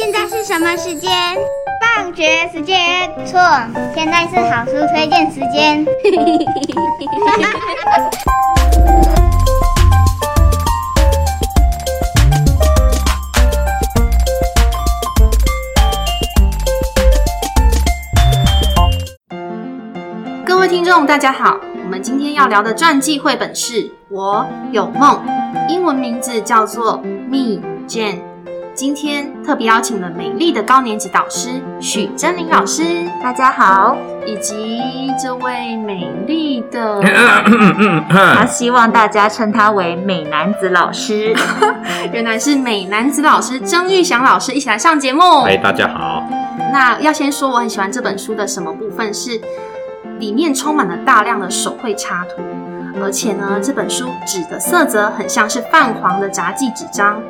現在是什麼時間？放學時間。錯，現在是好書推薦時間。 各位聽眾，大家好，我們今天要聊的傳記繪本是《我有夢》，英文名字叫做 Me, Jane》今天特別邀請了美麗的高年級導師許眞菱老師，大家好，以及這位美麗的，他、 啊、希望大家稱他為美男子老師。 原來是美男子老師曾郁翔老師一起來上節目。哎、hey，大家好，嗯。那要先說我很喜歡這本書的什麼部分？是裡面充滿了大量的手繪插圖，而且呢，這本書紙的色澤很像是泛黃的札記紙張。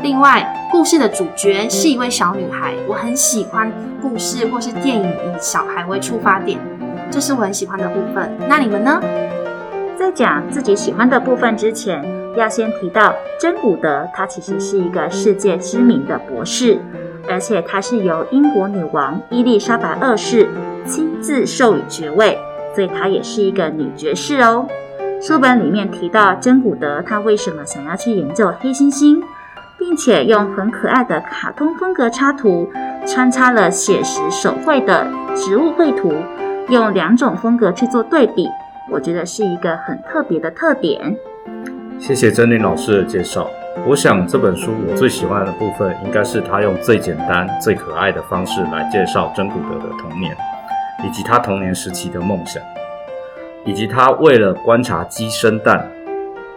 另外，故事的主角是一位小女孩，我很喜歡故事或是電影以小孩為出發點，這是我很喜歡的部分。那你們呢？在講自己喜歡的部分之前，要先提到珍古德，她其實是一個世界知名的博士，而且她是由英國女王伊麗莎白二世親自授予爵位，所以她也是一個女爵士哦。書本裡面提到珍古德，她為什麼想要去研究黑猩猩？並且用很可愛的卡通風格插圖，穿插，插了寫實手繪的植物繪圖，用兩種風格去做對比，我覺得是一個很特別的特點。謝謝珍妮老師的介紹。我想這本書我最喜歡的部分，應該是她用最簡單、最可愛的方式來介紹珍古德的童年，以及她童年時期的夢想，以及她為了觀察雞生蛋。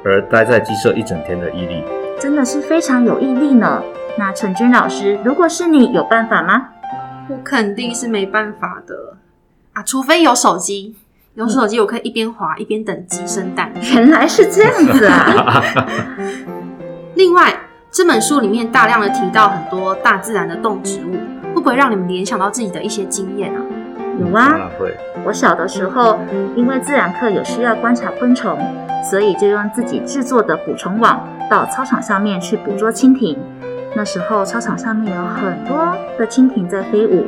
而待在雞舍一整天的毅力，真的是非常有毅力呢。那純鈞老師，如果是你，有辦法嗎？我肯定是沒辦法的啊，除非有手機。有手機，我可以一邊滑一邊等雞生蛋。嗯。原來是這樣子啊。 另外，這本書裡面大量的提到很多大自然的動植物，會不會讓你們聯想到自己的一些經驗啊？我小的時候，因為自然課有需要觀察昆蟲，所以就用自己制作的捕蟲網到操場上面去捕捉蜻蜓。那時候操場上面有很多的蜻蜓在飛舞，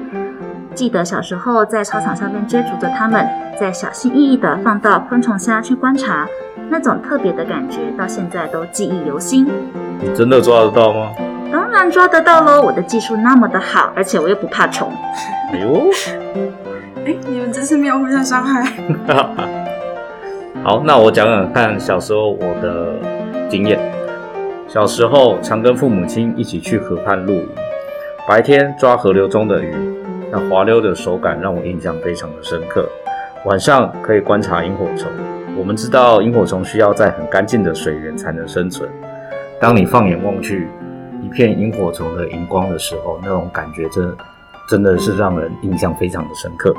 記得小時候在操場上面追逐着它們，再小心翼翼地放到昆蟲箱去觀察，那種特別的感覺到現在都記憶猶新。你真的抓得到嗎？當然抓得到嘍，我的技術那麼的好，而且我又不怕蟲。哎哎、欸，你們真是沒有互相傷害。 好，那我講講看小時候我的經驗。小時候常跟父母親一起去河畔露營，白天抓河流中的魚，那滑溜的手感讓我印象非常的深刻。晚上可以觀察螢火蟲，我們知道螢火蟲需要在很乾淨的水源才能生存。當你放眼望去一片螢火蟲的熒光的時候，那種感覺真的真的是讓人印象非常的深刻。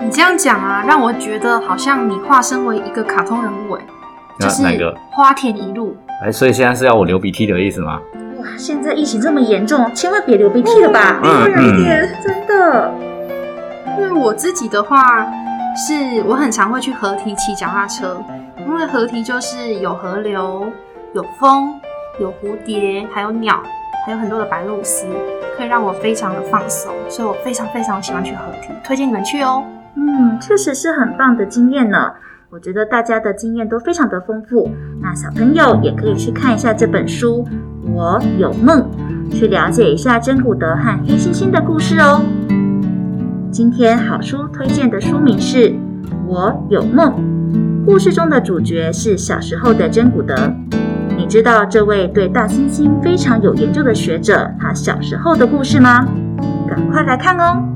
你這樣講啊，讓我覺得好像你化身為一個卡通人物哎、啊，就是花田一路哎、欸，所以現在是要我流鼻涕的意思嗎？哇，現在疫情這麼嚴重，千萬別流鼻涕了吧！嗯嗯，真、嗯、的。因為我自己的話，是我很常會去河堤騎腳踏車，因為河堤就是有河流、有風、有蝴蝶，還有鳥，還有很多的白鷺鷥，可以讓我非常的放鬆，所以我非常非常喜歡去河堤，推薦你們去哦。嗯，確實是很棒的經驗呢。我覺得大家的經驗都非常的豐富。那小朋友也可以去看一下這本書《我有夢》，去了解一下珍古德和黑猩猩的故事哦。今天好書推薦的書名是《我有夢》，故事中的主角是小時候的珍古德。你知道這位對大猩猩非常有研究的學者，他小時候的故事嗎？趕快來看哦！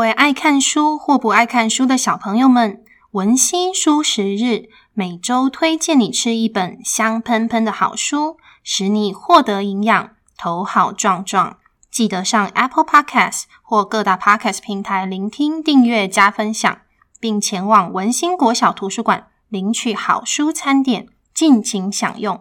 各位愛看書或不愛看書的小朋友們，文欣書食日每周推薦你吃一本香噴噴的好書，使你獲得營養，頭好壯壯。記得上 Apple Podcast 或各大 Podcast 平台聆聽、訂閱、加分享，並前往文欣國小圖書館領取好書餐點，盡情享用。